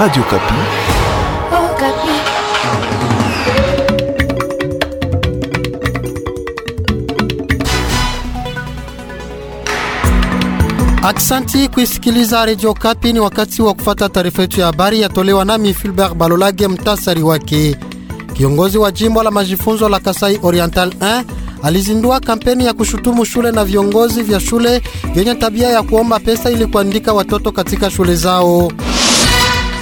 Radio Kapi. Oh, Kapi. Aksanti kuisikiliza Radio Kapi. Ni wakati wa kufata taarifa yetu ya habari yatolewa nami Filbert Balolage, mtasari wake. Kiongozi wa jimbo la majifunzo la Kasai Oriental 1 alizindua kampeni ya kushutumu shule na viongozi vya shule vyenye tabia ya kuomba pesa ili kuandika watoto katika shule zao.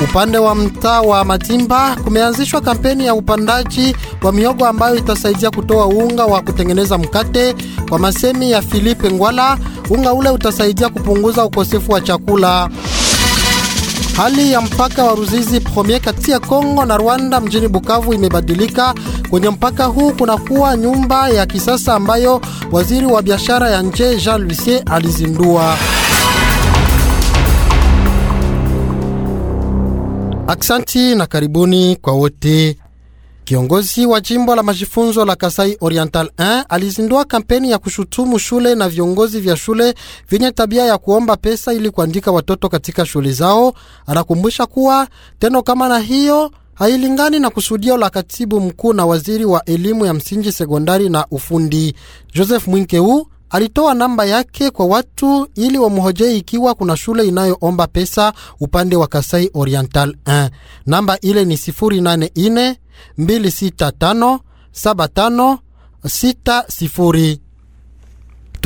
Upande wa mtaa wa Matimba kumeanzishwa kampeni ya upandaji wa miogo ambayo itasaidia kutoa unga wa kutengeneza mkate. Kwa masemi ya Philippe Ngwala, unga ule utasaidia kupunguza ukosefu wa chakula. Hali ya mpaka wa Ruzizi Premier kati ya Kongo na Rwanda mjini Bukavu imebadilika. Kwenye mpaka huu kunakuwa nyumba ya kisasa ambayo waziri wa biashara ya nje Jean Lucier alizindua. Aksanti na karibuni kwa wote. Kiongozi wa jimbo la majifunzo la Kasai Oriental 1 alizindua kampeni ya kushutumu shule na viongozi vya shule vyenye tabia ya kuomba pesa ili kuandika watoto katika shule zao. Anakumbusha kuwa tendo kama na hiyo hailingani na kusudio la katibu mkuu na waziri wa elimu ya msingi, sekondari na ufundi Joseph Mwinkeu Alitoa namba yake kwa watu ili wamhojei ikiwa kuna shule inayoomba pesa upande wa Kasai Oriental 1. Namba ile ni 084 265 75 sifuri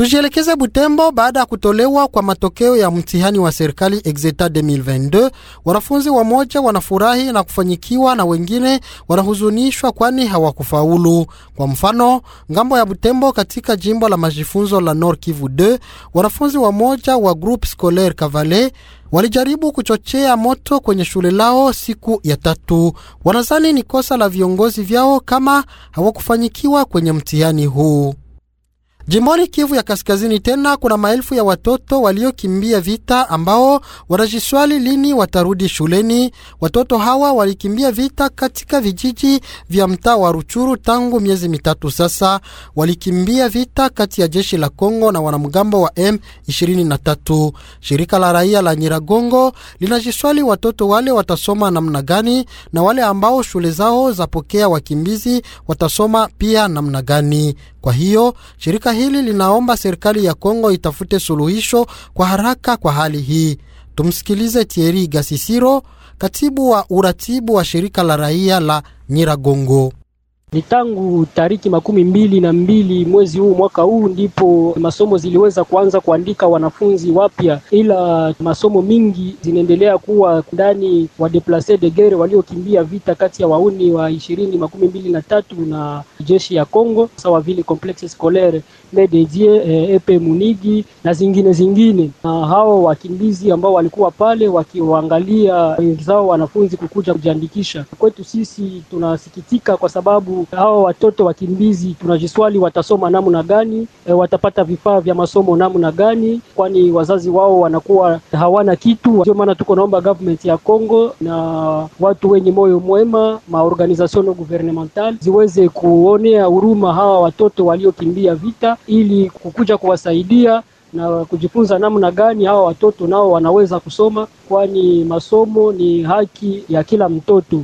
Tujielekeze Butembo baada ya kutolewa kwa matokeo ya mtihani wa serikali Exeta 2022. Wanafunzi wamoja wanafurahi na kufanyikiwa na wengine wanahuzunishwa kwani hawakufaulu. Kwa mfano, ngambo ya Butembo katika jimbo la majifunzo la Nord Kivu 2, wanafunzi wamoja wa Groupe Scolaire cavale walijaribu kuchochea moto kwenye shule lao siku ya tatu. wanazani ni kosa la viongozi vyao kama hawakufanyikiwa kwenye mtihani huu. Jimboni Kivu ya Kaskazini tena kuna maelfu ya watoto waliokimbia vita ambao wanajiswali lini watarudi shuleni. Watoto hawa walikimbia vita katika vijiji vya mtaa wa Ruchuru tangu miezi mitatu sasa. Walikimbia vita kati ya jeshi la Kongo na wanamgambo wa M23. Shirika la raia la Nyiragongo linajiswali watoto wale watasoma namna gani na wale ambao shule zao zapokea wakimbizi watasoma pia namna gani. Kwa hiyo shirika hili linaomba serikali ya Kongo itafute suluhisho kwa haraka kwa hali hii. Tumsikilize Thierry Gasisiro, katibu wa uratibu wa shirika la raia la Nyiragongo. Ni tangu tariki makumi mbili na mbili mwezi huu mwaka huu ndipo masomo ziliweza kuanza kuandika wanafunzi wapya, ila masomo mingi zinaendelea kuwa ndani wa deplace de guerre waliokimbia vita kati ya wauni wa ishirini makumi mbili na tatu na jeshi ya Kongo, sawa vile complexe scolaire Mededie eh, epe Munigi na zingine zingine. Na hao wakimbizi ambao walikuwa pale wakiwaangalia wenzao wanafunzi kukuja kujiandikisha kwetu, sisi tunasikitika kwa sababu hao watoto wakimbizi tunajiswali watasoma namna gani? E, watapata vifaa vya masomo namna gani? Kwani wazazi wao wanakuwa hawana kitu. Ndio maana tuko naomba government ya Kongo na watu wenye moyo mwema, maorganization no gouvernemental ziweze kuonea huruma hawa watoto waliokimbia vita, ili kukuja kuwasaidia na kujifunza namna gani hawa watoto nao wanaweza kusoma, kwani masomo ni haki ya kila mtoto.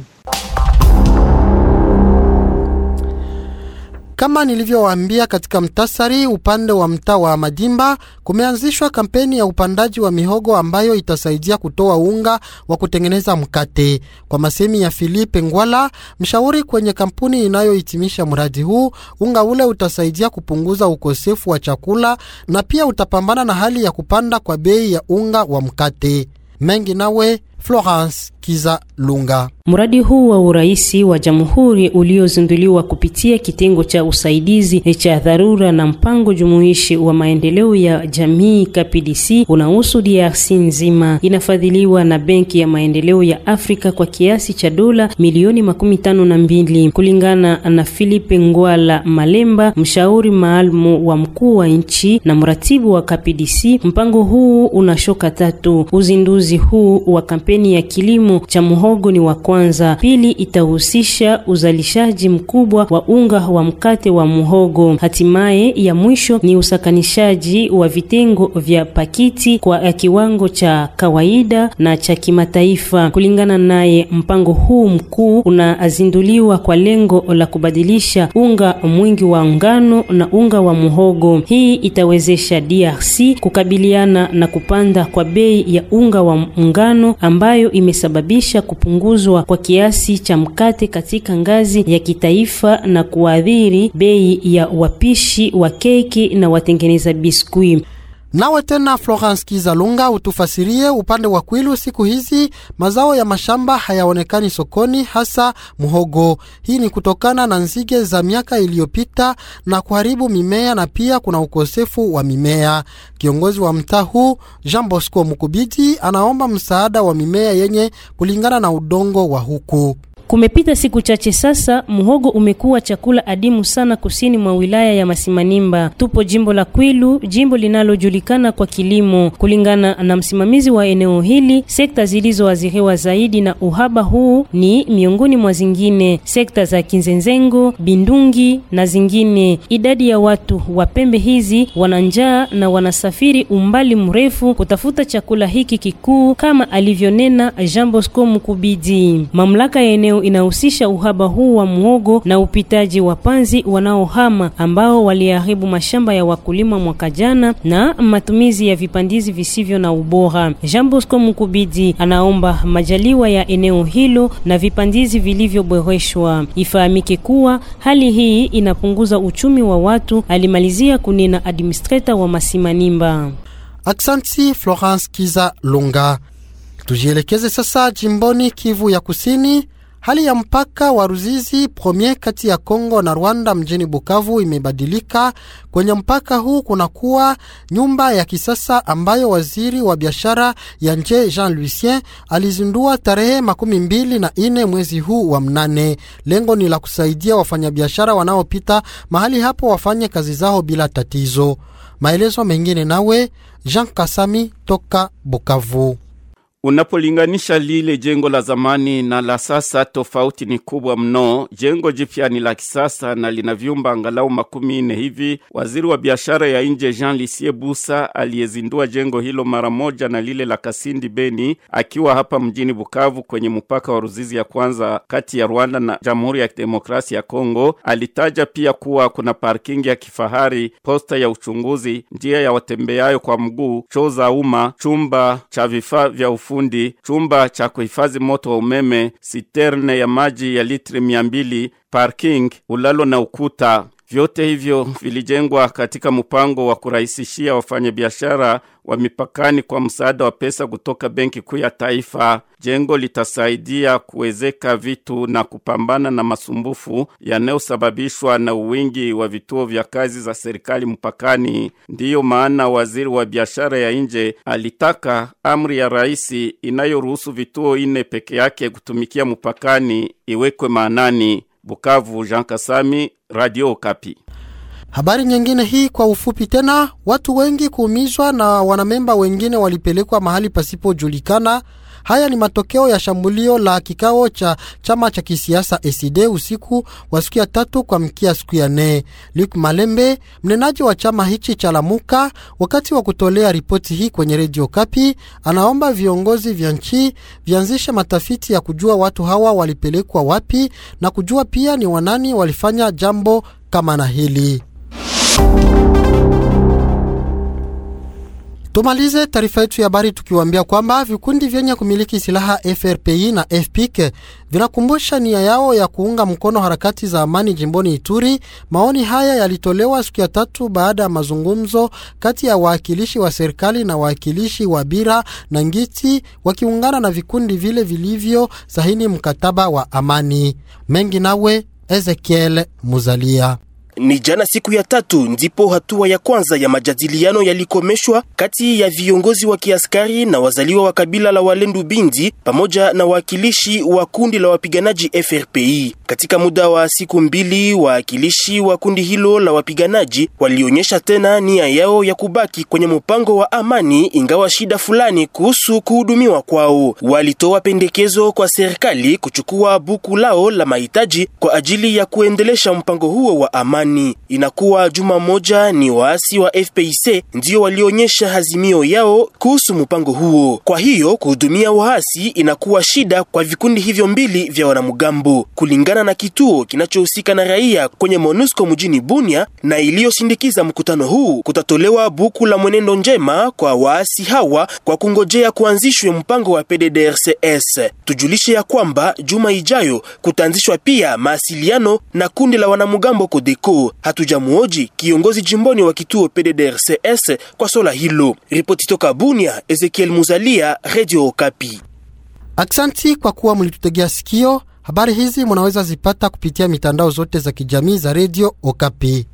Kama nilivyowaambia katika mtasari, upande wa mtaa wa Madimba kumeanzishwa kampeni ya upandaji wa mihogo ambayo itasaidia kutoa unga wa kutengeneza mkate. Kwa masemi ya filipe Ngwala, mshauri kwenye kampuni inayohitimisha mradi huu, unga ule utasaidia kupunguza ukosefu wa chakula na pia utapambana na hali ya kupanda kwa bei ya unga wa mkate. Mengi nawe Florence Kiza Lunga. Mradi huu wa uraisi wa jamhuri uliozinduliwa kupitia kitengo cha usaidizi cha dharura na mpango jumuishi wa maendeleo ya jamii KPDC unahusu DRC nzima. Inafadhiliwa na Benki ya Maendeleo ya Afrika kwa kiasi cha dola milioni makumi tano na mbili, kulingana na Philipe Ngwala Malemba, mshauri maalum wa mkuu wa nchi na mratibu wa KPDC. Mpango huu una shoka tatu: uzinduzi huu wa kampeni ya kilimo cha muhogo ni wa kwanza. Pili itahusisha uzalishaji mkubwa wa unga wa mkate wa muhogo. Hatimaye ya mwisho ni usakanishaji wa vitengo vya pakiti kwa kiwango cha kawaida na cha kimataifa. Kulingana naye, mpango huu mkuu unazinduliwa kwa lengo la kubadilisha unga mwingi wa ngano na unga wa muhogo. Hii itawezesha DRC kukabiliana na kupanda kwa bei ya unga wa ngano ambayo imesababisha kusababisha kupunguzwa kwa kiasi cha mkate katika ngazi ya kitaifa na kuadhiri bei ya wapishi wa keki na watengeneza biskui. Nawe tena Florence Kizalunga utufasirie upande wa Kwilu, siku hizi mazao ya mashamba hayaonekani sokoni, hasa mhogo. Hii ni kutokana na nzige za miaka iliyopita na kuharibu mimea, na pia kuna ukosefu wa mimea. Kiongozi wa mtaa huu Jean Bosco Mukubiji anaomba msaada wa mimea yenye kulingana na udongo wa huku. Kumepita siku chache sasa, muhogo umekuwa chakula adimu sana kusini mwa wilaya ya Masimanimba. Tupo jimbo la Kwilu, jimbo linalojulikana kwa kilimo. Kulingana na msimamizi wa eneo hili, sekta zilizoathiriwa zaidi na uhaba huu ni miongoni mwa zingine sekta za Kinzenzengo, Bindungi na zingine. Idadi ya watu wa pembe hizi wana njaa na wanasafiri umbali mrefu kutafuta chakula hiki kikuu, kama alivyonena Jean Bosco Mukubidi, mamlaka ya eneo ambayo inahusisha uhaba huu wa muogo na upitaji wa panzi wanaohama ambao waliharibu mashamba ya wakulima mwaka jana na matumizi ya vipandizi visivyo na ubora. Jean Bosco Mukubidi anaomba majaliwa ya eneo hilo na vipandizi vilivyoboreshwa. Ifahamike kuwa hali hii inapunguza uchumi wa watu, alimalizia kunena administrator wa Masimanimba. Aksanti Florence Kiza Lunga. Tujielekeze sasa jimboni Kivu ya Kusini Hali ya mpaka wa Ruzizi premier kati ya Kongo na Rwanda mjini Bukavu imebadilika. Kwenye mpaka huu kunakuwa nyumba ya kisasa ambayo waziri wa biashara ya nje Jean Lucien alizindua tarehe makumi mbili na ine mwezi huu wa mnane. Lengo ni la kusaidia wafanyabiashara wanaopita mahali hapo wafanye kazi zao bila tatizo. Maelezo mengine nawe Jean Kasami toka Bukavu. Unapolinganisha lile jengo la zamani na la sasa, tofauti ni kubwa mno. Jengo jipya ni la kisasa na lina vyumba angalau makumi nne hivi. Waziri wa biashara ya nje Jean Lisie Busa aliyezindua jengo hilo mara moja na lile la Kasindi Beni akiwa hapa mjini Bukavu kwenye mpaka wa Ruzizi ya kwanza kati ya Rwanda na Jamhuri ya Kidemokrasia ya Kongo alitaja pia kuwa kuna parkingi ya kifahari, posta ya uchunguzi, njia ya watembeayo kwa mguu, choo za umma, chumba cha vifaa vya ufu fundi, chumba cha kuhifadhi moto wa umeme, siterne ya maji ya litri mia mbili, parking, ulalo na ukuta. Vyote hivyo vilijengwa katika mpango wa kurahisishia wafanyabiashara wa mipakani kwa msaada wa pesa kutoka Benki Kuu ya Taifa. Jengo litasaidia kuwezeka vitu na kupambana na masumbufu yanayosababishwa na uwingi wa vituo vya kazi za serikali mpakani. Ndiyo maana waziri wa biashara ya nje alitaka amri ya rais inayoruhusu vituo ine peke yake kutumikia mpakani iwekwe maanani. Bukavu, Jean Kasami, Radio Kapi. Habari nyingine hii kwa ufupi tena, watu wengi kuumizwa na wanamemba wengine walipelekwa mahali pasipojulikana Haya ni matokeo ya shambulio la kikao cha chama cha kisiasa ACD usiku wa siku ya tatu kwa mkia siku ya nne. Luk Malembe, mnenaji wa chama hichi cha Lamuka, wakati wa kutolea ripoti hii kwenye redio Kapi, anaomba viongozi vya nchi vianzishe matafiti ya kujua watu hawa walipelekwa wapi na kujua pia ni wanani walifanya jambo kama na hili. Tumalize taarifa yetu ya habari tukiwaambia kwamba vikundi vyenye kumiliki silaha FRPI na FPIC vinakumbusha nia yao ya kuunga mkono harakati za amani jimboni Ituri. Maoni haya yalitolewa siku ya tatu baada ya mazungumzo kati ya wawakilishi wa serikali na wawakilishi wa Bira na Ngiti wakiungana na vikundi vile vilivyo sahini mkataba wa amani. Mengi nawe Ezekiel Muzalia. Ni jana siku ya tatu ndipo hatua ya kwanza ya majadiliano yalikomeshwa kati ya viongozi wa kiaskari na wazaliwa wa kabila la Walendu Bindi pamoja na wawakilishi wa kundi la wapiganaji FRPI. Katika muda wa siku mbili, waakilishi wa kundi hilo la wapiganaji walionyesha tena nia yao ya kubaki kwenye mpango wa amani, ingawa shida fulani kuhusu kuhudumiwa kwao. Walitoa pendekezo kwa serikali kuchukua buku lao la mahitaji kwa ajili ya kuendelesha mpango huo wa amani. Inakuwa juma moja ni waasi wa FPIC ndio walionyesha hazimio yao kuhusu mpango huo. Kwa hiyo kuhudumia waasi inakuwa shida kwa vikundi hivyo mbili vya wanamgambo kulingana kulingana na kituo kinachohusika na raia kwenye MONUSCO mjini Bunia na iliyosindikiza mkutano huu, kutatolewa buku la mwenendo njema kwa waasi hawa kwa kungojea kuanzishwe mpango wa PDDRCS. Tujulishe ya kwamba juma ijayo kutaanzishwa pia maasiliano na kundi la wanamgambo Kodeko. Hatujamuoji kiongozi jimboni wa kituo PDDRCS kwa swala hilo. Ripoti toka Bunia, Ezekiel Muzalia, Radio Okapi. Aksanti kwa kuwa mlitutegea sikio. Habari hizi munaweza zipata kupitia mitandao zote za kijamii za redio Okapi.